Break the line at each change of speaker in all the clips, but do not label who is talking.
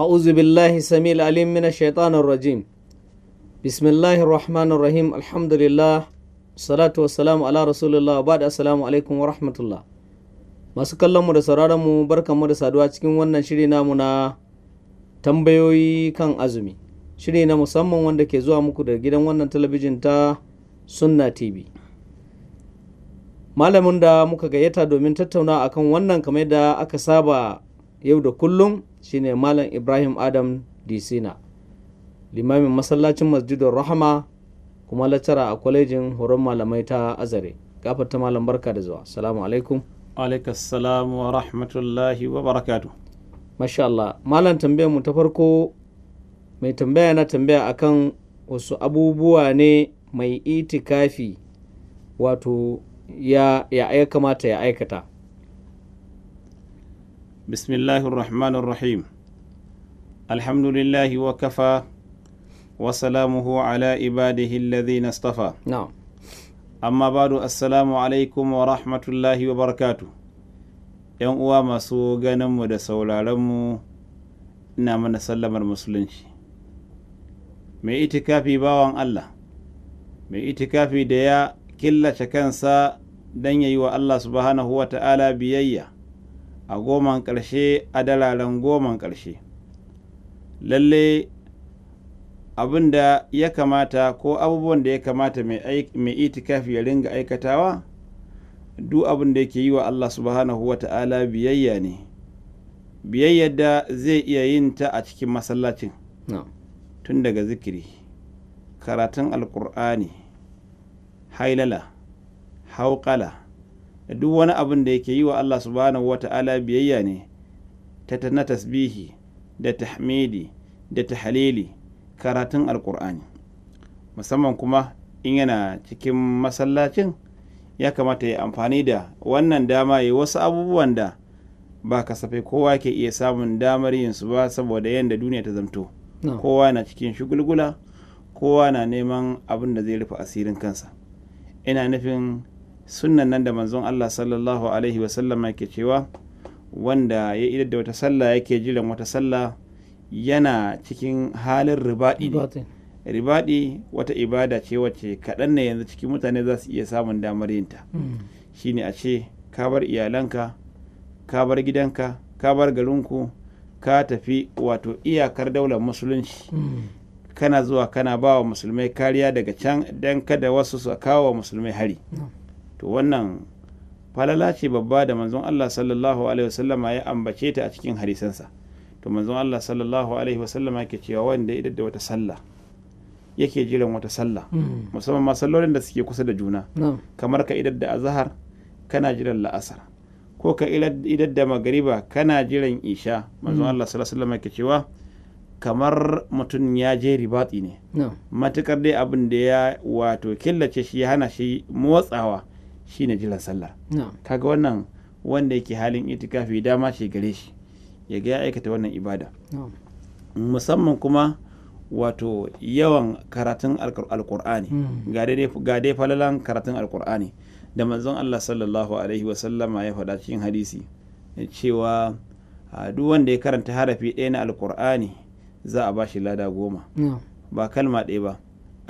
أعوذ بالله السميع العليم من الشيطان الرجيم بسم الله الرحمن الرحيم الحمد لله الصلاة والسلام على رسول الله بعد السلام عليكم ورحمة الله masu mu da da saduwa cikin wannan shiri namu na tambayoyi kan azumi shiri na musamman wanda ke zuwa muku da gidan wannan talabijin ta sunna tv malamin da muka gayyata domin tattauna akan wannan kamar da aka saba yau da kullum shine malam ibrahim adam disina limamin masallacin masjidin rahama kuma lacara a kwalejin horon malamai ta azare gafar ta malam barka da zuwa salamu alaikum
salamu wa rahmatullahi wa barakatu
masha Allah malam tambayar mu ta farko mai tambaya na tambaya akan wasu abubuwa ne mai itikafi wato ya ya kamata ya
aikata بسم الله الرحمن الرحيم الحمد لله وكفى وسلامه على عباده الذين اصطفى نعم amma badu assalamu alaikum wa rahmatullahi wa barakatu yan uwa masu mu da sauraronmu na mana sallamar musulunci mai itikafi bawan Allah mai itikafi da ya killace kansa don ya wa Allah subhanahu wa ta'ala biyayya a goman ƙarshe a dalalan goman ƙarshe lalle abin da ya kamata ko abubuwan da ya kamata mai itikafi ya ringa aikatawa duk abin da yake yi wa Allah subhanahu wa ta'ala biyayya ne biyayyar da zai iya yin ta a cikin masallacin tun daga zikiri karatun alkur'ani hailala hauƙala da duk wani abin da yake yi wa Allah subhanahu wa ta'ala biyayya ne ta na tasbihi da tahmidi da tahalili karatun alkur'ani musamman kuma in yana cikin masallacin ya kamata ya amfani da wannan dama ya wasu abubuwan da ba kasafai kowa ke iya samun damar yin su ba saboda yadda duniya ta zamto kowa na cikin shugulgula kowa na neman abin da zai rufe asirin kansa ina nufin sunnan nan da manzon Allah sallallahu alaihi wasallama yake cewa wanda ya idar da wata sallah yake jiran wata sallah yana cikin halin ribaɗi ribaɗi wata ibada ce wacce kaɗan ne yanzu cikin mutane za su iya samun damar yinta hmm. shine a ce ka bar iyalanka ka bar gidanka ka bar garinku ka tafi wato iyakar daular musulunci hmm. kana zuwa kana ba wa musulmai kariya daga can don kada wasu su kawo wa musulmai hari to wannan falala ce babba da manzon Allah sallallahu alaihi wasallama ya ambace ta a cikin hadisansa to manzon Allah sallallahu alaihi wasallama yake cewa wanda ya da wata sallah yake jiran wata sallah hmm. musamman ma sallolin da suke kusa da juna kamar ka idar da azhar kana jiran la'asar ko ka idar da magariba kana jiran isha manzon hmm. Allah sallallahu alaihi wasallama yake cewa kamar mutum ya je ribatsi ne matukar dai abin da ya wato killace shi ya hana shi motsawa shi shine jiran sallah kaga wannan wanda yake halin itikafi dama ce gare shi ya ga ya aikata wannan ibada musamman kuma wato yawan karatun alkur'ani hmm. ga dai falalan karatun alkur'ani da manzon Allah sallallahu alaihi wasallama ya faɗa cikin hadisi cewa duk wanda ya karanta harafi ɗaya na alkur'ani za a ba shi lada goma ba kalma ɗaya ba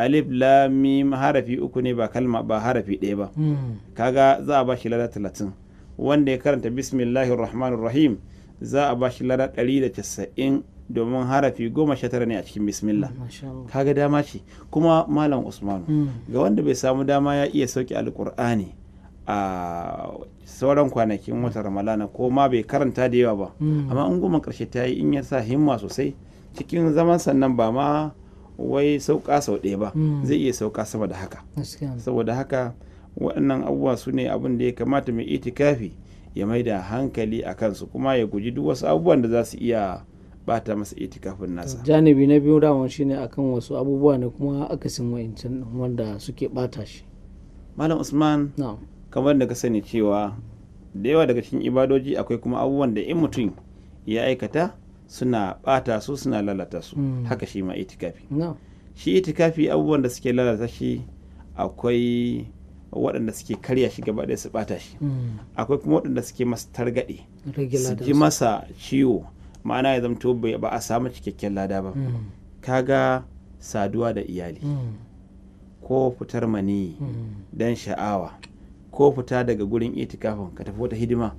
alif la mim harafi uku ne ba kalma ba harafi ɗaya ba hmm. kaga za a bashi lada talatin wanda ya karanta bismillahir rahmanir rahim za a bashi lada ɗari da casa'in domin harafi goma sha tara ne a cikin bismillah kaga dama ce kuma malam usmanu hmm. ga wanda bai samu dama ya iya sauki alkur'ani a sauran kwanakin watan ramalana ko ma bai karanta da yawa ba
hmm. amma in goma
karshe ta yi in ya sa himma sosai cikin zaman sannan ba ma wai sauka sau ɗaya ba hmm. zai iya sauka sama da haka saboda haka waɗannan abubuwa su ne abin da ya kamata mai itikafi ya mai da hankali a kansu kuma ya guji duk wasu abubuwan da za su iya bata masa itikafin nasa
janibi na biyu daman shine akan wasu abubuwa ne kuma aka sin wa'incan wanda suke bata shi
malam usman kamar da ka sani cewa da yawa daga cikin ibadoji akwai kuma abubuwan da in mutum ya aikata suna bata su suna lalata su hmm. haka shi ma itikafi shi itikafi abubuwan da suke lalata shi akwai waɗanda suke karya shi gaba ɗaya su bata shi hmm. akwai kuma waɗanda suke masa targaɗe su ji masa ciwo ma'ana ya zamto ba a samu cikakken lada ba hmm. kaga saduwa da iyali ko fitar mani dan sha'awa ko fita daga gurin itikafin ka tafi wata hidima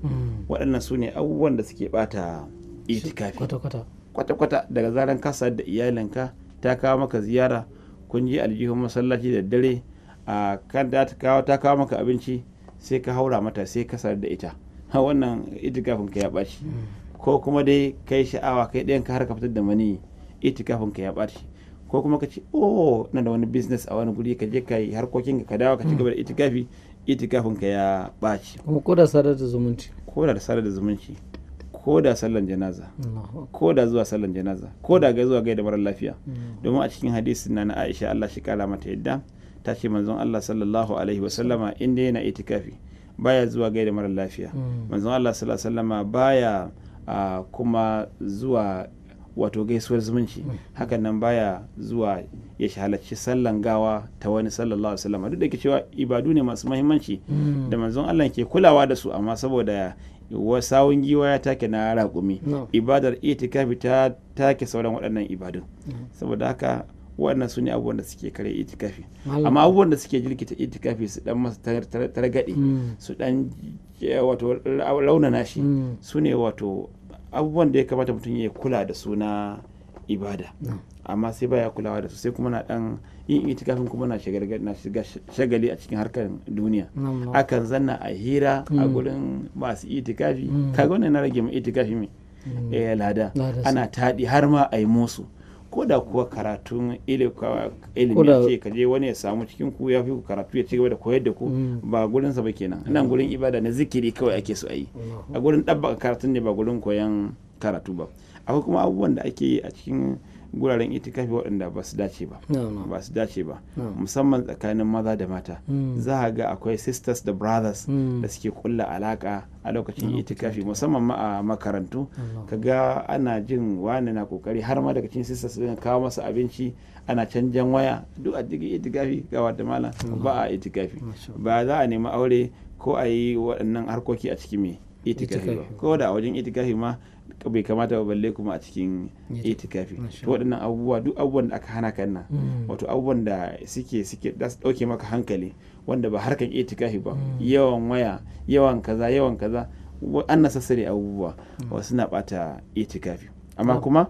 waɗannan su ne abubuwan da suke bata itikafi kwata-kwata daga zaran ka da iyalinka ta kawo maka ziyara kun je aljihun masallaci da dare a kan da ta kawo ta kawo maka abinci sai ka haura mata sai ka da ita wannan itikafin ka ya ɓaci hmm. ko kuma dai kai sha'awa kai ɗayan ka har ka fitar da mani itikafin ka ya ɓaci ko kuma ka ce oh na da wani business a wani guri ka je ka yi harkokin ka dawo ka ci gaba da itikafi itikafin ka ya ɓaci ko da sadar da zumunci ko da sadar da zumunci ko da sallan janaza ko da zuwa sallan janaza ko da ga zuwa gaida mara lafiya mm. domin a cikin hadisin na na Aisha Allah shi kara mata yadda ta ce manzon Allah sallallahu alaihi wasallama inda yana itikafi baya zuwa gaida mara lafiya mm. manzon Allah sallallahu alaihi wasallama baya kuma zuwa wato gaisuwar zumunci mm. hakan nan baya zuwa ya halarci sallan gawa ta wani sallallahu alaihi wasallama duk da ke cewa ibadu ne masu muhimmanci da manzon Allah ke kulawa da su amma saboda sawun giwa ya take na raƙumi ibadar itikafi ta take sauran waɗannan ibadun saboda haka waɗannan su ne abubuwan da suke kare itikafi amma abubuwan da suke jirkita itikafi su dan masa targaɗe mm. su dan eh, wato launana shi mm. su ne wato abubuwan da ya kamata mutum ya kula da suna ibada amma sai baya kulawa da su sai kuma na dan yin itikafin kuma na shagali a cikin harkar duniya akan zanna a hira a mm. gurin masu itikafi mm. kaga wannan na rage mai itikafi mai mm. eh, lada ana taɗi har ma a yi musu ko da kuwa karatun ilimi ce ka je wani ya samu cikin ku ya fi karatu ya ci gaba da koyar da ku ba gurin sa kenan nan gurin ibada na zikiri kawai ake so a yi a gurin ɗabbaka karatun ne ba gurin koyan karatu ba akwai kuma abubuwan da ake yi a cikin guraren itikafi waɗanda ba su dace ba ba su dace ba musamman tsakanin maza da mata mm. za a ga akwai sisters da brothers mm. da suke kulla alaka a lokacin itikafi musamman ma a makarantu ka ga ana jin wani na kokari har ma daga cikin sisters suna kawo masa abinci ana canjan waya duk a cikin itikafi ga wata mm. ba a itikafi ba za a nemi aure ko a yi waɗannan harkoki a cikin me itikafi ko da a wajen itikafi ma bai kamata ba balle kuma a cikin itikafi to waɗannan abubuwa duk abubuwan da aka hana kan nan mm. wato abubuwan da suke suke da ɗauke maka hankali wanda ba harkan itikafi ba mm. yawan waya yawan kaza yawan kaza an na sassare abubuwa mm. wasu na ɓata itikafi amma kuma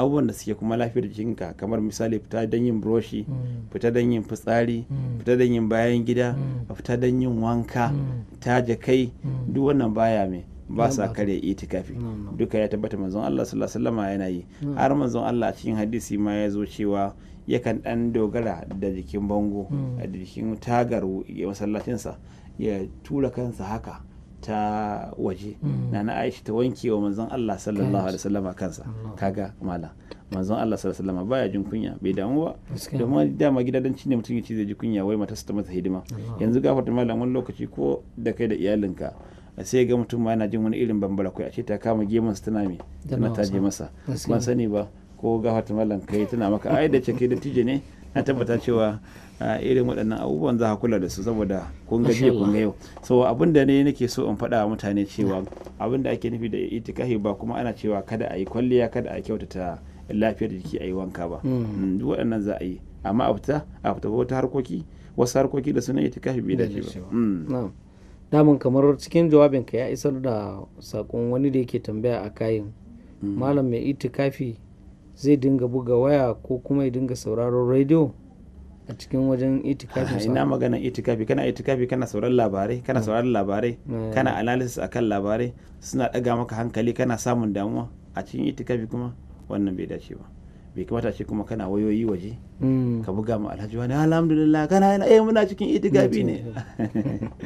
abubuwan da suke kuma lafiyar jikinka kamar misali fita don yin broshi mm. fita don yin fitsari mm. fita don yin bayan gida mm. fita don yin wanka taje kai duk wannan baya mai ba sa karya itikafi duka ya tabbata manzon Allah sallallahu alaihi wasallam yana yi har manzon Allah a cikin hadisi ma ya zo cewa yakan dan dogara da jikin bango da jikin tagar masallacinsa ya tura kansa haka ta waje mm. na aisha ta wanke wa manzon Allah sallallahu alaihi wasallam kansa kaga malam manzon Allah sallallahu alaihi wasallam baya jin kunya bai damu ba domin dama gidadanci ne mutum yace zai ji kunya wai matarsa ta masa hidima yanzu ta malam wani lokaci ko da kai da iyalinka sai ga mutum ma yana jin wani irin bambara kai a ce ta kama su tana me tana taje masa ban sani ba ko ta malam kai tana maka ai da ce kai da tije ne na tabbata cewa irin waɗannan abubuwan za a kula da su saboda kun ga jiya kun ga yau so abin da ne nake so in faɗa mutane cewa abin da ake nufi da itikahi ba kuma ana cewa kada a yi kwalliya kada a kyautata lafiyar jiki a yi wanka ba hmm. mm, duk waɗannan za a yi amma a fita a fita wata harkoki wasu harkoki da suna itikafi bai dace ba mm.
damin kamar cikin jawabinka ya isar da saƙon wani da yake tambaya a kayan mm. malam mai itikafi zai dinga buga waya ko kuma ya dinga sauraron rediyo a cikin wajen itikafi ah, ina
magana itikafi kana itikafi kana sauran labarai kana mm. sauraron labarai mm. kana analysis akan labarai suna daga maka hankali kana samun damuwa a cikin itikafi kuma wannan bai dace ba bai kamata ce kuma kana wayoyi waje mm. ka buga mu alhaji wani alhamdulillah kana yana eh muna cikin itikafi ne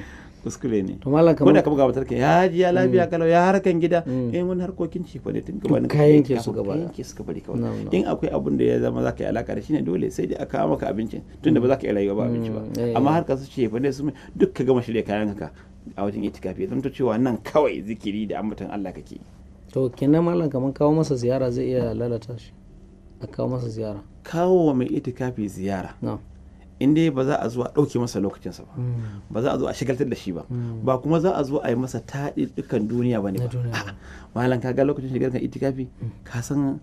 kuskure ne to mallam kamar ka buga batarka ya ji ya lafiya mm. kalau ya harkan gida mm. eh wani harkokin ci fa ne tun gaba kayan ke su gaba ke su gaba kawai in akwai abun da ya zama zaka yi alaka da shi ne dole sai dai aka maka abincin tunda ba zaka yi rayuwa ba mm. abinci ba eh, amma eh. har ka su ce fa ne su duk ka gama shirya kayan ka a wajen itikafi don to cewa nan kawai zikiri da ambaton Allah kake
to kenan mallam kamar kawo masa ziyara zai iya lalata shi a kawo masa ziyara
kawo wa mai itikafi ziyara in dai ba za a zo a ɗauke masa lokacinsa ba hmm. ba za a zo a shigaltar da shi ba hmm. ba kuma za a zo a yi masa taɗi dukkan duniya ba ne ba malam ka ga lokacin shigar kan itikafi hmm. ka san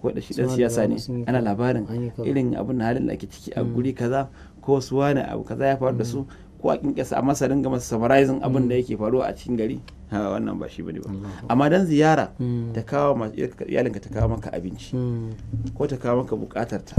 ko da shi dan siyasa ne ana labarin irin abin halin da ake ciki a guri kaza ko su wani abu kaza ya faru da su ko a kinkasa a masa dinga masa summarizing abin da mm. yake faruwa a cikin gari ha wannan ba shi bane ba amma dan ziyara mm. ta kawo ka ta kawo maka abinci mm. ko ta kawo maka bukatar ta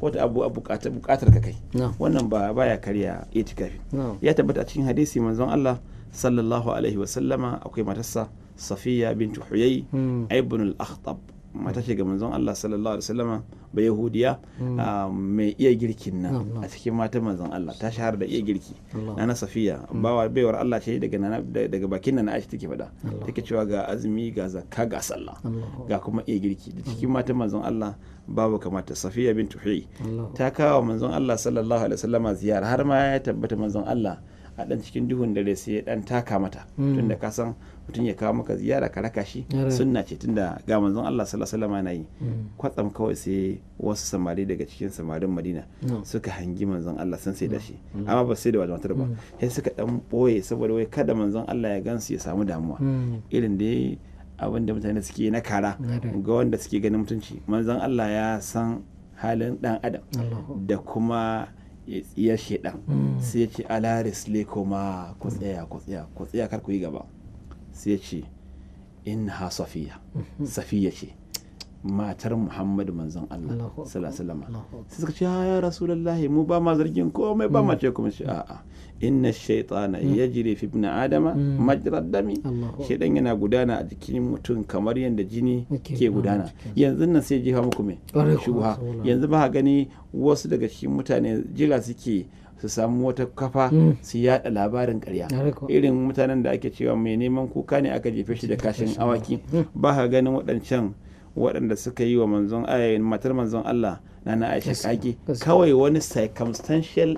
ko ta abu bukatar bukatar ka kai wannan ba baya karya itikafi ya tabbata a cikin hadisi manzon Allah sallallahu alaihi wasallama akwai matarsa Safiya bintu Huyay ibn al-Akhtab mata ce ga manzon Allah sallallahu alaihi wasallama ba yahudiya hmm. ah, mai iya girkin nan a cikin mata manzon Allah ta shahara da iya girki nana safiya hmm. bawa baiwar Allah ce daga daga bakin nan Aisha take faɗa take cewa ga azumi ga zakka ga sallah ga kuma iya girki da cikin hmm. mata manzon Allah babu kamata safiya bin tuhi ta kawo manzon Allah sallallahu alaihi wasallama ziyara har ma ya tabbata manzon Allah a dan cikin duhun dare sai ya dan taka mata hmm. tunda ka san mutum ya kawo maka ziyara ka raka shi sunna ce tunda ga manzon Allah sallallahu alaihi wasallam yi hmm. kwatsam kawai sai wasu samari daga cikin samarin Madina suka hangi manzon Allah san sai da shi hmm. amma ba sai da wajen matar ba sai suka dan boye saboda wai kada manzon Allah ya gansu ya samu damuwa irin da yayi abin da mutane suke na kara ga wanda suke ganin mutunci manzon Allah ya san halin dan adam da kuma ya shedan mm. sai ya ce alaris le kuma ku mm. tsaya ku tsaya ku tsaya kar ku yi gaba sai ya ce in ha safiya mm-hmm. safiya ce matar muhammadu manzon Allah sallallahu alaihi wasallam sai suka ce ya rasulullahi mu ba ma zargin komai ba ma mm. ce kuma shi a'a inna الشيطان ya في ابن آدم adama الدم hmm. dami ينا yana gudana a jikin mutum kamar yadda jini ke gudana yanzu nan sai jefa muku me shubha yanzu baha gani wasu daga mutane jira suke su samu wata kafa hmm. su yada labarin karya irin mutanen da ake cewa mai neman kuka ne aka jefe shi da kashin awaki hmm. ba ka ganin waɗancan waɗanda suka yi wa manzon eh, matar manzon Allah na na Aisha kage kawai wani circumstantial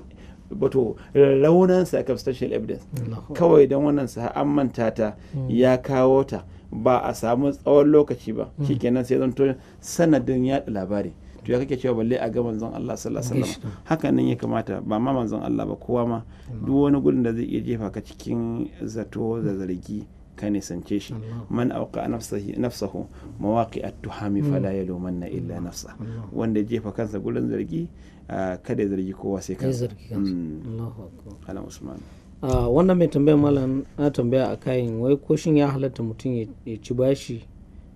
wato raunan circumstantial evidence kawai don wannan an manta ta hmm. ya kawo ta ba a samu tsawon lokaci ba hmm. shikenan sai zan zanto sanadin yaɗa labari to ya kake cewa balle a ga manzon Allah sallallahu alaihi wasallam hakan nan ya kamata ba ma manzon Allah ba kowa ma duk wani gurin da zai iya jefa ka cikin zato da zargi ka ne nisance shi man auka nafsahu mawaqi tuhami fala hmm. yalumanna illa nafsa wanda jefa kansa gurin zargi Ah, kada ya zargi kowa sai kansa mm. alam usman
ah, wannan mai tambayar malam na tambaya a kayan wai ko shin ya halatta mutum ya ci bashi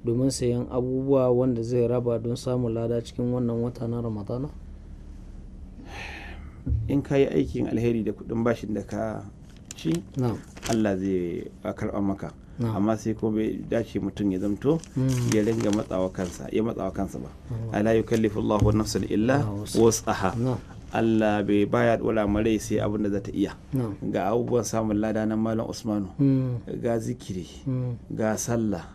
domin sayan abubuwa wanda zai raba don samun lada cikin wannan wata na ramadana
in ka yi aikin alheri da kudin bashin da ka ci allah zai karɓa maka amma sai ko bai dace mutum ya zamto hmm. ya ringa matsawa kansa ya matsawa kansa ba hmm. ala yukallifu Allahu nafsan illa wasaha Allah bai baya wala marai sai abin da za ta iya ga abubuwan samun lada na malam Usmanu
hmm.
ga zikiri ga sallah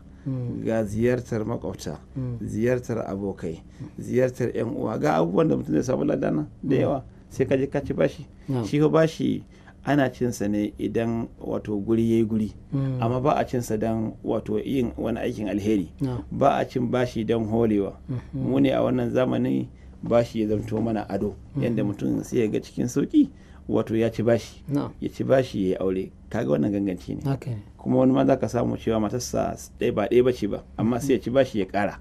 ga ziyartar makwabta ziyartar abokai ziyartar yan uwa ga abubuwan da mutum zai samu ladana da yawa sai ka je ka ci bashi shi ko bashi ana cinsa ne idan wato guri ya yi guri hmm. amma ba a cinsa don wato yin wani aikin alheri ba a cin bashi don holewa hmm. mu ne a wannan zamani bashi ya zamto mana ado hmm. yadda mutum sai ya ga cikin sauki wato ya ci bashi ya ci bashi ya yi aure kaga wannan ganganci ne kuma wani ma za ka samu cewa matarsa ɗaya ba ɗaya bace ba amma sai ya ci bashi ya kara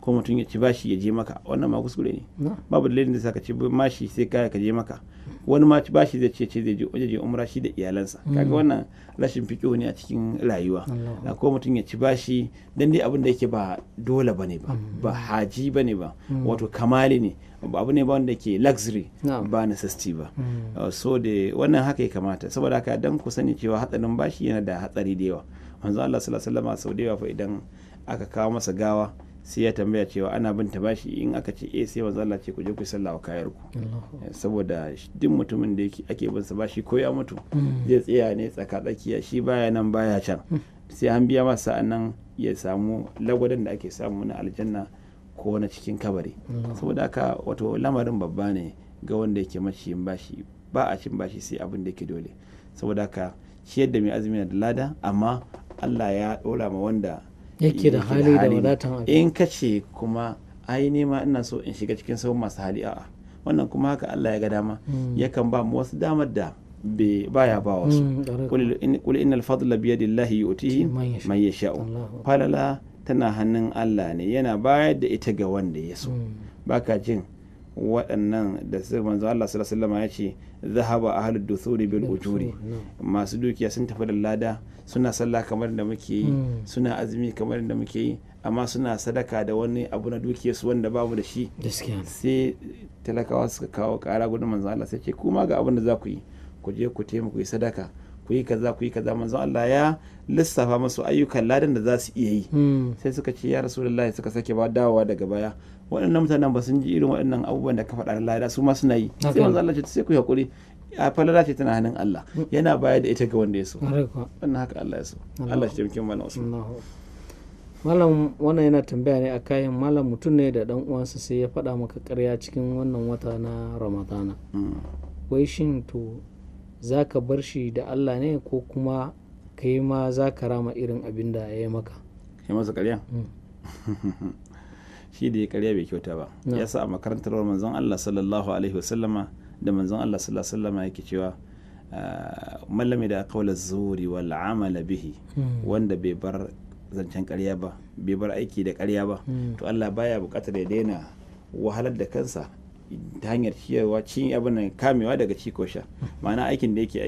ko mutum ya ci bashi ya je maka wannan ma kuskure ne babu dalilin da sa ka ci bashi sai ka je maka wani ma ba shi zai ce zai je je umra shi da iyalansa mm. kaga wannan rashin fiƙo ne a cikin rayuwa na ko mutum ya ci bashi dan dai abin da yake ba dole bane ba mm. ba haji bane ba mm. wato kamali ne Ba abu ne ba wanda ke luxury ba necessity ba uh, so da wannan haka ya kamata saboda haka dan ku sani cewa hatsarin bashi yana da hatsari da yawa manzo Allah sallallahu alaihi wasallam sau da yawa fa idan aka kawo masa gawa sai ya tambaya cewa ana bin ta bashi in aka ce eh sai manzo Allah ce ku je ku sallawa kayar ku saboda duk mutumin da yake ake bin sa bashi ko ya mutu hmm. zai tsaya ne tsaka tsakiya shi baya nan baya can hmm. sai an biya masa sa'annan ya samu lagwadan da ake samu na aljanna ko na cikin kabari saboda haka wato lamarin babba ne ga wanda yake maciyin bashi ba a cin bashi sai abin da yake dole saboda haka ciyar da mai azumi na da lada amma Allah ya ɗora ma wanda yake da hali da wadatan in ka ce kuma ai nema ina so in shiga cikin sauran masu hali a'a wannan kuma haka Allah ya ga dama hmm. yakan ba mu wasu damar da baya ba wasu kul hmm, innal fadla bi yadillahi yu'tihi man yasha'u falala tana hannun Allah ne yana bayar da ita ga wanda ya so hmm. baka jin waɗannan da su manzo Allah sallallahu alaihi wasallam ya ce zahaba halin dusuri bil ujuri masu dukiya sun tafi da lada suna sallah kamar da muke yi hmm. suna azumi kamar da muke yi amma suna sadaka da wani abu na dukiya su wanda babu da shi sai talakawa suka kawo kara gudun manzo Allah sai ce kuma ga abin da za ku yi ku je ku taimaka ku yi sadaka ku yi kaza ku yi kaza manzo Allah ya lissafa masu ayyukan ladan da za su iya yi hmm. sai suka ce ya rasulullahi suka sake ba dawowa daga baya waɗannan mutanen ba sun ji irin waɗannan abubuwan da ka faɗa da lada su ma suna yi sai manzo Allah ce sai ku hakuri a falala ce tana hannun Allah mm. yana bayar da ita ga wanda ya so wannan haka Allah ya so Allah shi taimake mana Usman
malam wannan yana tambaya ne a kayan malam mutum ne da dan uwansa sai ya faɗa maka ƙarya cikin wannan wata na ramadana mm. wai shin to za ka bar shi da Allah ne ko kuma kai ma za ka rama irin abin da ya yi maka
kai masa ƙarya mm. shi da ya karya bai kyauta ba ya sa a makarantar manzon Allah sallallahu alaihi wasallama da manzon Allah sallallahu alaihi wasallama yake cewa ah, mallami da kaula zuri wal amala bihi hmm. wanda bai bar zancen karya ba bai bar aiki da karya ba hmm. to Allah baya bukatar ya daina wahalar da kansa ta hanyar ciyarwa cin abin nan kamewa daga cikosha hmm. ma'ana aikin da yake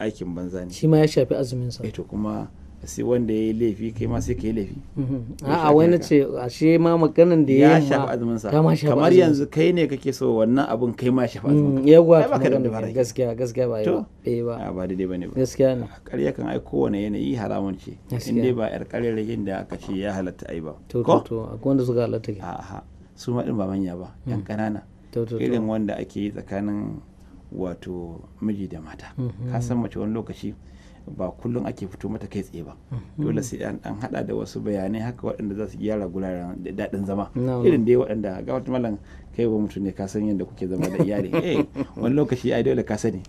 aikin banza ne shi
ma ya shafi azumin sa eh, to
kuma sai wanda ya yi laifi kai ma sai ka yi laifi
mhm. a'a wani ce ashe ma maganin
da ya shafa azumin sa kamar yanzu kai ne kake so wannan abun kai ma shafa azumin mm, ya gwa ba ka da gaskiya gaskiya ba ba ba ah, ba daidai ne ba gaskiya ne ƙarya kan ai kowane yanayi haramun ce in dai ba yar ƙarerayin da aka ce ya halatta ai ba to to akwai wanda suka halatta ke a'a su ma din ba manya ba yan mm. ƙanana irin wanda ake yi tsakanin wato miji da mata mm-hmm. ka san mace wani lokaci ba kullum ake fito mata kai tsaye ba hmm. dole hmm. sai an hada da wasu bayanai haka waɗanda za su gyara guraren daɗin zama irin dai waɗanda ga wata malam kai ba mutum ne ka san yadda kuke zama da iyali eh wani lokaci ai dole ka sani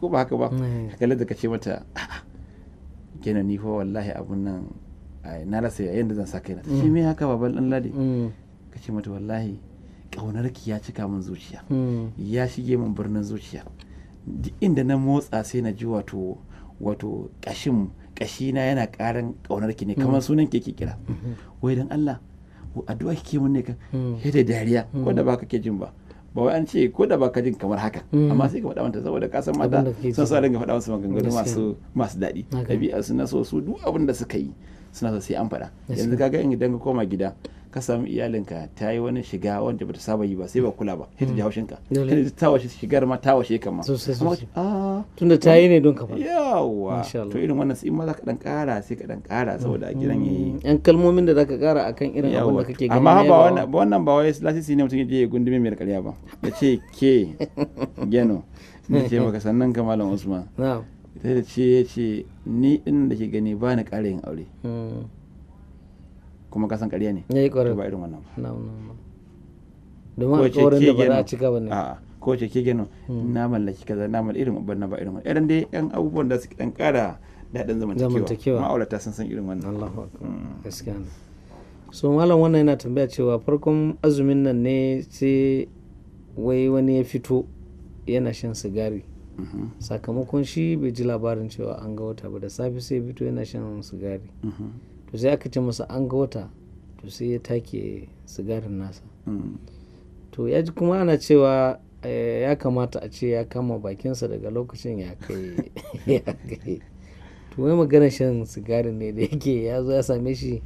ko ba haka ba kalle da kace mata kenan ni fa wallahi abun nan na rasa yayin da zan sa kaina shi hmm. me haka baban dan ladi kace mata wallahi ki ya cika min zuciya ya shige min birnin zuciya duk inda na motsa sai na ji wato wato kashin kashi na yana karin kaunar ki ne kamar mm. sunan ke kira mm-hmm. wai dan Allah addu'a kike mun ne kan mm. da dariya ko mm. da ba ke jin ba ba wai an ce ko da baka jin kamar haka amma sai ka faɗa mata saboda kasan san mata sun sa dinga faɗa musu maganganu masu masu daɗi ɗabi'a suna so su duk abin da suka yi suna so sai an faɗa yanzu kaga in idan ka koma gida ka samu iyalinka ta yi wani shiga wanda bata saba yi ba sai ba mm. kula ba sai ta ji mm. haushin ka ta washe shigar ma ta washe ka ma
tunda ta yi ne don ka
yawa to irin wannan su ma za ka dan kara sai ka dan kara saboda a gidan yayi mm.
yan kalmomin da za ka kara akan irin abin da kake gani amma ba wannan wannan
ba wai lasisi ne mutum ya je gundume mai karya ba ya ce ke geno ne ce maka sannan ka malam usman sai da ce ya ce ni din da ke gani ba ni ƙara yin aure kuma kasan ƙarya ne yi eh, ƙwarar ba irin wannan
ba domin alƙawarin da ba za a
cika ba ne ko ce ke gano hmm. na mallaki kaza na mallaki irin wannan ba irin wannan irin dai yan abubuwan da su dan ƙara daɗin zamantakewa ma'aurata sun san irin wannan Allahu akbar hmm. gaskiya ne so malam wannan yana tambaya
cewa farkon azumin nan ne sai wai wani ya fito yana shan sigari mm-hmm. sakamakon shi bai ji labarin cewa an ga wata ba da safe sai fito yana shan sigari mm-hmm. to sai aka ce masa an ga wata to sai ya take sigarin nasa hmm. to ya ji kuma ana cewa eh, ya kamata a ce ya kama bakinsa daga lokacin ya kai to wai magana shan sigarin ne da yake ya zo ya same shi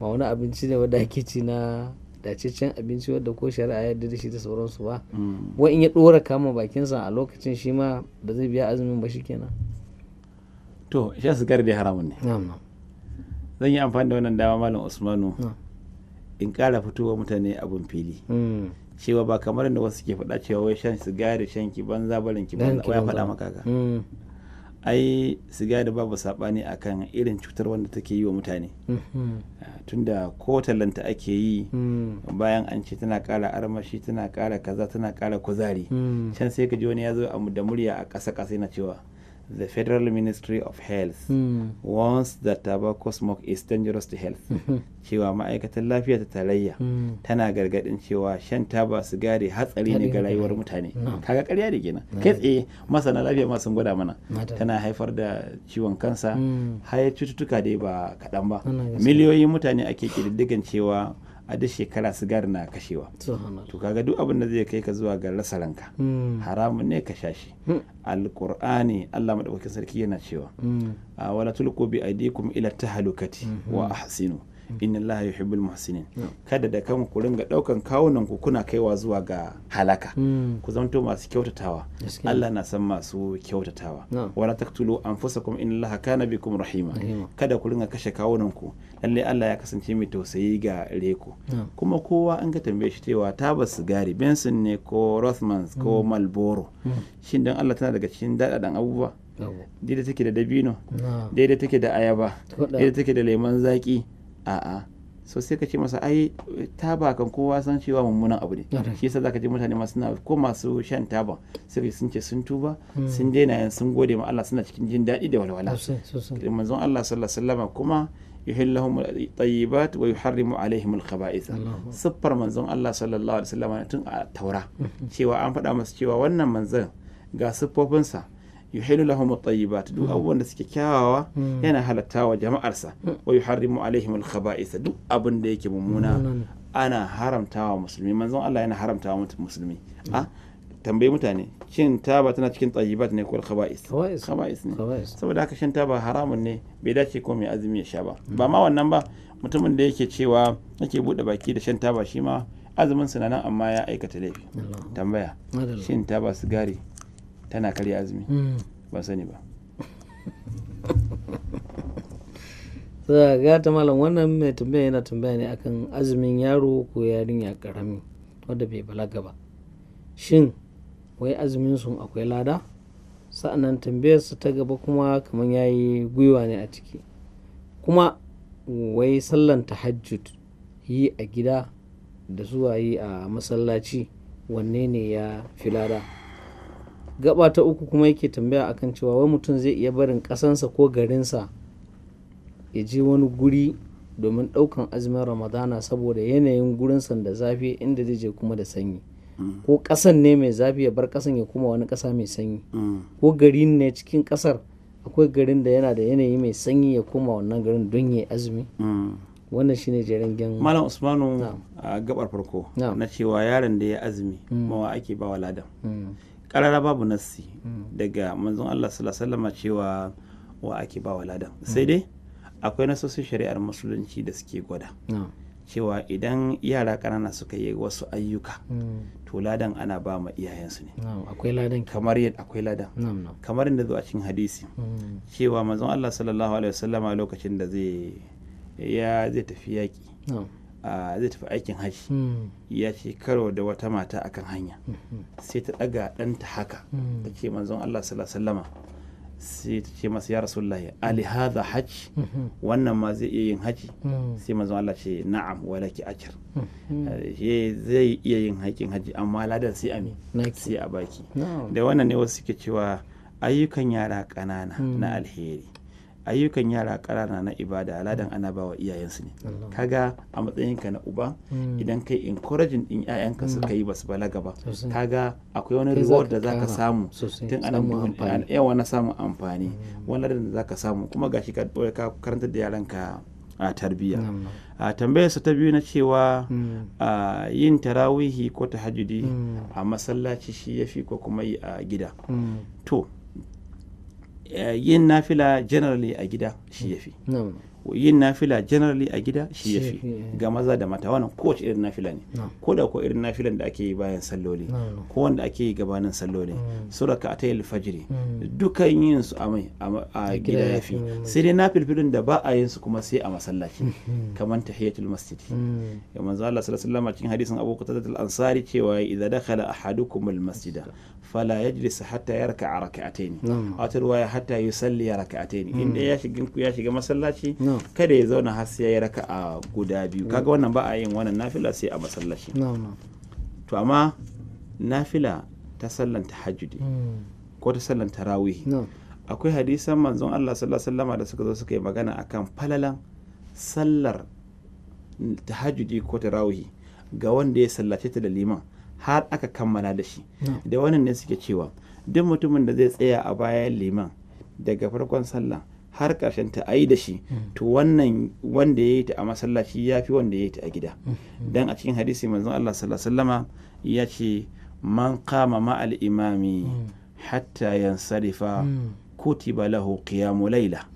ba wani abinci ne wadda ake ci na dacecen abinci wadda ko shari'a ya da shi da sauransu ba hmm. wa in ya dora kama bakinsa a lokacin shi ma ba zai biya azumin ba shi kenan
to shan sigari dai haramun ne zan yi amfani da wannan dama malam usmanu hmm. in kara fitowa mutane abun fili hmm. cewa ba kamar da wasu ke faɗa cewa wai shan sigari ki banza barin ki banza ya faɗa maka ka hmm. ai sigari babu saɓani akan irin cutar wanda take yi wa mutane ah, tunda ko talanta ake yi bayan an ce tana kara armashi tana kara kaza tana kara kuzari can sai ka ji wani ya zo da murya a ƙasa ƙasa na cewa the Federal Ministry of Health mm. warns that tobacco smoke is dangerous to health. cewa ma'aikatan lafiya ta tarayya hmm. tana gargadin cewa shan taba sigari hatsari ne ga rayuwar mutane. Kaga karya da kenan. Kai tsaye masana lafiya ma sun gwada mana. Tana haifar da ciwon kansa, hmm. har cututtuka dai ba kaɗan ba. Miliyoyin mutane ake kididdigan cewa a duk shekara sigari na kashewa to kaga duk abin da zai kai ka zuwa ga rasa hmm. haramun ne ka sha shi hmm. alqur'ani Allah madaukakin sarki yana cewa hmm. ah, wala tulqu bi aidikum ila tahlukati wa ahsinu inna allah ya hibbul muhsinin kada da kanku ku ringa daukan kawunan ku kuna kaiwa zuwa ga halaka mm. ku zanto masu kyautatawa Allah na san masu kyautatawa wala taqtulu anfusakum inna allah kana bikum rahima kada ku ringa kashe kawunan ku lalle Allah ya kasance mai tausayi ga reku kuma kowa an ka tambaye shi cewa tabas gari Benson ne ko Rothmans ko mm. Malboro mm. shin dan Allah tana daga cikin dadadan abubuwa daidai take da dabino daidai take da ayaba daidai take da lemon zaki a'a so sai ka ce masa ai taba kan kowa san cewa mummunan abu ne shi yasa zaka ji mutane masu na ko masu shan taba sai sun ce sun tuba hmm. sun daina yan sun gode ma Allah suna cikin jin daɗi da walwala manzon Allah sallallahu alaihi wasallam kuma yuhillahum tayyibat wa yuharrimu alaihim alkhaba'ith siffar manzon Allah sallallahu alaihi wasallam tun a taura hmm. cewa an faɗa masa cewa wannan manzon ga siffofinsa yuhillu lahum at-tayyibat duk mm. abubuwan da suke kyawawa mm. yana halatta wa jama'arsa mm. wa yuharrimu alaihim al-khaba'is duk abin da yake mummuna ana haramtawa musulmi manzon Allah yana haramtawa musulmi a ah, tambayi mutane shin taba tana cikin tsayibat ne ko khaba'is khaba'is ne saboda haka shan taba haramun ne bai dace ko mai azumi ya sha ba ba ma wannan ba mutumin da yake cewa yake bude baki da shan taba shi ma azumin sa nan amma ya aikata laifi tambaya shin taba sigari tana karya azumi hmm. ban sani ba
ga ta malam wannan mai tambaya yana tambaya ne akan azumin yaro ko yarinya karami wadda bai balaga ba shin wai azumin sun akwai lada sa'annan tambayar su ta gaba kuma kamar yi gwiwa ne a ciki kuma wai sallan tahajjud yi a gida da zuwa yi a masallaci wanne ne ya fi lada gaba ta uku kuma yake tambaya akan cewa wai mutum zai iya barin kasansa ko garinsa ya je wani guri domin ɗaukan azumin ramadana saboda yanayin gurinsa da zafi inda zai je kuma da sanyi mm. ko kasan ne mai zafi ya bar kasan ya kuma wani ƙasa mai sanyi mm. ko gari ne cikin ƙasar akwai garin da yana da yanayi mai sanyi ya koma wannan garin don ya azumi mm. wannan shine jerengen malam
usmanu a gabar farko na cewa yaron da ya azumi kuma ake bawa ladan karara babu nassi mm. daga manzon Allah sallallahu cewa wa ake ba ladan mm. sai dai akwai nasosin shari'ar musulunci da suke gwada cewa idan yara ƙanana suka yi wasu ayyuka mm. to ladan ana ba ma iyayensu ne akwai ladan kamar yadda akwai ladan kamar yadda zuwa cikin hadisi cewa manzon Allah sallallahu alaihi wasallama lokacin da zai ya zai tafi yaki zai tafi aikin hajji hmm. ya ce karo da wata mata akan hanya hmm, hmm. sai ta daga ɗanta haka ta ce manzon Allah sallama sai ta ce masa ya rasulullahi ali hadha hajji wannan ma zai iya yin hajji sai manzon Allah ce na'am walaki ajr eh, zai iya yin haƙin hajji amma ladan sai sai a baki da wannan ne wasu suke cewa ayyukan yara ƙanana na alheri ayyukan yara ƙarana na ibada aladan ana bawa iyayensu ne kaga a matsayinka na uba hmm. idan kai encouraging din ƴaƴanka hmm. su kai basu balaga ba kaga akwai wani reward da zaka samu tun anan yawa wani samun amfani hmm. wani da zaka samu kuma gashi ka karanta da ka a tarbiyya a sa ta biyu na cewa yin tarawihi ko tahajjudi a masallaci shi yafi ko kuma yi a gida to Eh, yin nafila generally a gida shi ya fi. yin nafila generally a gida shi ya fi eh. ga maza da mata wannan kowace irin nafila ne ko da ko irin nafilan da ake yi bayan salloli ko wanda ake yi gabanin salloli mm. suraka ta yi fajiri mm. dukan yin su a a gida ya fi sai dai nafilfilin da ba a yin su kuma sai a masallaci mm. kamar tahiyatul masjid ya manzo Allah sallallahu alaihi wasallam cikin hadisin Abu Qatadah al-Ansari cewa idza dakhala ahadukum al-masjida fala yajlis hatta yarka rak'atayn a wata riwaya hatta yusalli rak'atayn inda ya shiga ya shiga masallaci kada ya zauna har sai ya raka a guda biyu kaga wannan ba a yin wannan nafila sai a masallaci to amma nafila ta sallan tahajjudi hmm. ko ta sallan tarawih akwai hadisan manzon Allah sallallahu alaihi da suka zo suka yi magana akan falalan sallar tahajjudi ko tarawih ga wanda ya sallace ta da liman har aka kammala da shi da wannan ne suke cewa duk mutumin da zai tsaya a bayan liman daga farkon sallah har karshen ta ayi da shi to wannan wanda ya yi ta a masallaci ya fi wanda ya yi ta a gida mm-hmm. dan a cikin hadisi manzon Allah sallallahu ya ce man kama ma al imami mm. hatta sarifa mm. kutiba lahu qiyamu layla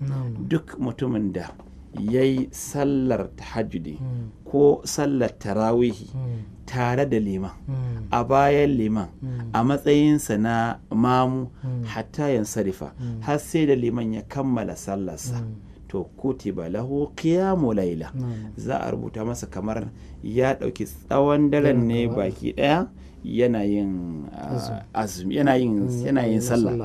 duk mutumin da ya yi sallar tahajjudi hmm. ko sallar tarawihi hmm. tare da liman hmm. a bayan liman a matsayinsa na mamu hatta yin sarifa har sai da liman ya kammala sallarsa to kutiba lahu qiyamu laila za a rubuta masa kamar ya ɗauki tsawon daren ne baki ɗaya yana yin sallah yana yin sallah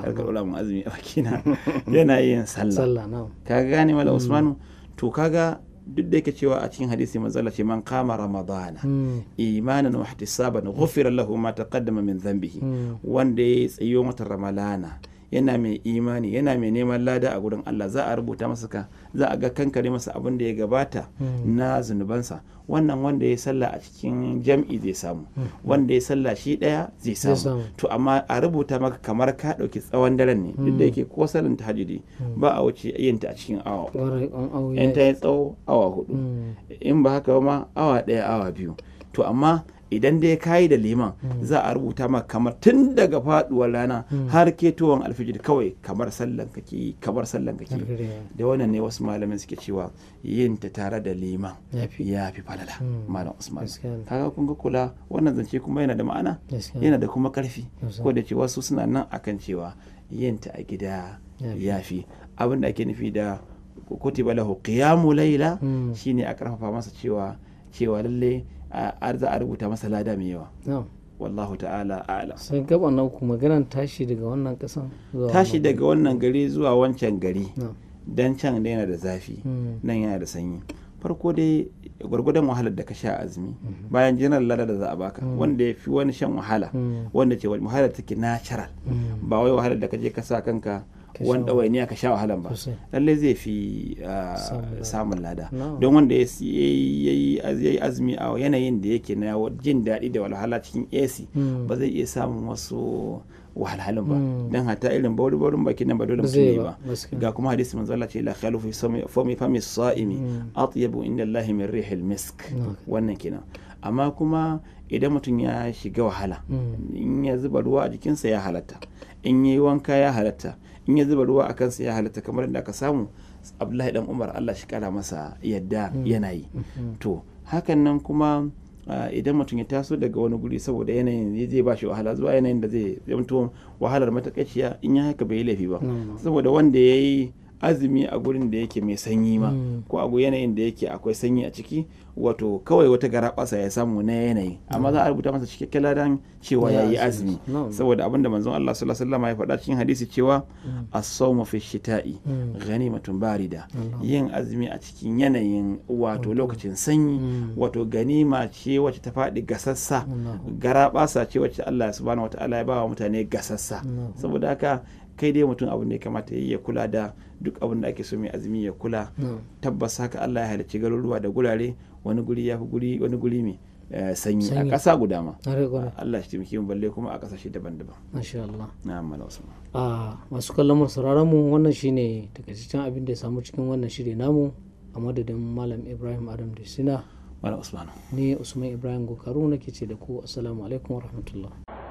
ka gane mala usmanu to kaga duk da yake cewa a cikin hadisi manzala ce man kama ramadana hmm. imanin wa ihtisaban ghufira lahu ma taqaddama min dhanbihi hmm. wanda ya tsayo mata ramalana yana mai imani yana mai neman lada a gurin Allah za a rubuta masa ka za a ga kankare masa abin da ya gabata hmm. na zunubansa wannan wanda ya sallah a cikin jam'i zai samu hmm. wanda ya salla shi daya zai samu to amma a rubuta maka kamar ka dauki tsawon daren ne duk da hmm. yake ko ta tahajjudi ba a wuce yin ta a cikin awa in ta yi tsawo awa hudu in ba haka ba ma awa daya awa biyu to amma idan dai ka yi da liman hmm. za a rubuta ma kamar tun daga faduwar rana hmm. har ketowar alfijir kawai kamar sallan kake kamar sallan kake da wannan ne wasu malamin suke cewa yin ta tare da liman ya fi falala hmm. malam usman kaga kun ga kula wannan zance kuma yana da ma'ana yana da kuma karfi ko da ce wasu suna nan akan cewa yin ta a gida ya fi abin da ake nufi da kutiba lahu laila shine a karfafa masa cewa cewa lalle za a rubuta masa lada mai yawa wallahu ta'ala ala
sai gaba na uku maganar tashi daga wannan kasan zuwa tashi daga wannan
gari zuwa wancan gari dan can yana da zafi hmm. nan yana da sanyi farko dai gwargwadon wahalar da ka sha azumi hmm. bayan jinar lada da za a baka hmm. wanda ya fi wani shan wahala wanda ce wahalar take natural ba wai wahalar da ka je ka sa kanka wani ɗawainiya ka sha wahalan ba lallai zai fi ah, samun lada don wanda ya yi azumi a yanayin da yake na jin daɗi da walhala cikin ac hmm. ba zai iya samun wasu wahalhalin ba hmm. don hata irin bauri baurin baki nan ba dole mutum yi ba ga kuma hadisi manzo Allah ce la khalu fi fami fami sa'imi hmm. atyabu inda Allah min rihil misk wannan kenan amma kuma idan mutum ya shiga wahala in ya zuba ruwa a jikinsa ya halatta in yi wanka ya halatta in ya zuba ruwa a kansa ya halitta kamar yadda aka samu abdullahi dan umar allah shi kara masa yadda mm. yana yi mm-hmm. to hakan nan kuma idan mutum ya taso daga wani guri saboda yanayin ya zai ba shi wahala zuwa yanayin da zai zamto wahalar matakaiciya in ya haka bai laifi ba mm. saboda wanda ya yi azumi a gurin da yake mai sanyi ma mm. ko a yanayin da yake akwai sanyi a ciki wato kawai wata garaɓasa ya samu na yanayi amma za a rubuta masa cikakken ladan cewa ya yi azumi saboda abin da manzon Allah sallallahu alaihi wasallam ya faɗa cikin hadisi cewa mm. as-sawmu fi shita'i mm. ghanimatun barida yin azumi a cikin yanayin wato lokacin sanyi wato ganima ce wacce ta faɗi gasassa garaɓasa ce wacce Allah subhanahu wataala ya ba wa mutane gasassa saboda haka kai dai mutum abin da ya kamata ya yi ya kula da duk abin da ake so mai azumi ya kula tabbas haka Allah ya halicci garuruwa da gurare wani guri ya fi guri wani guri mai eh, sanyi a ƙasa guda ma Allah shi taimaki mu balle kuma a ƙasashe daban-daban masha Allah na'am mala usman
a ah, masu kallon mu sauraron mu wannan shine takaitaccen abin da ya samu cikin wannan shiri namu a madadin malam Ibrahim Adam Dusina mala usman ni Usman Ibrahim Gokaru nake ce da ku assalamu alaikum wa rahmatullah